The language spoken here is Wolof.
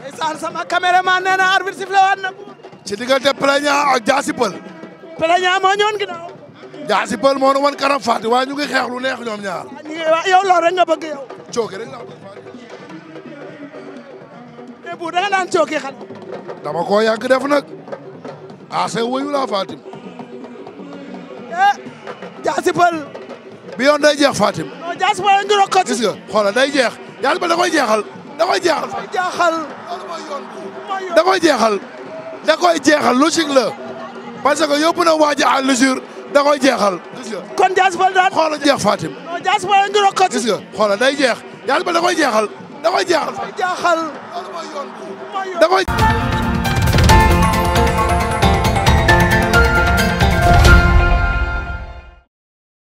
ndeysaan sama caméraman nee na arbitre sifflé waat na ci diggante Plaignant ak Diassy Peulh Plaignant moo ñëwoon ginnaaw Diassy Peulh moo nu wan kanam Faty waaye ñu ngi xeex lu neex ñoom ñaar waaw yow loolu rek bëgg yow cooke rek laa bëgg mais bu da nga daan cooke xal dama koo yàgg def nag ase wëyu laa Fatim Diassy Peulh bi day jeex Fatim Diassy Peulh ngi rokk gis nga xoolal day jeex Diassy Peulh da koy jeexal da koy jeexal. da koy jeexal. da koy jeexal logique la parce que yóbbu na waa ji à l'usure da koy jeexal. kon Diaz Balde daal xoolal jeex Fatim. non Diaz Balde ngi rokkat. gis nga xoolal day jeex Diaz Balde da koy jeexal da koy jeexal. da koy jeexal.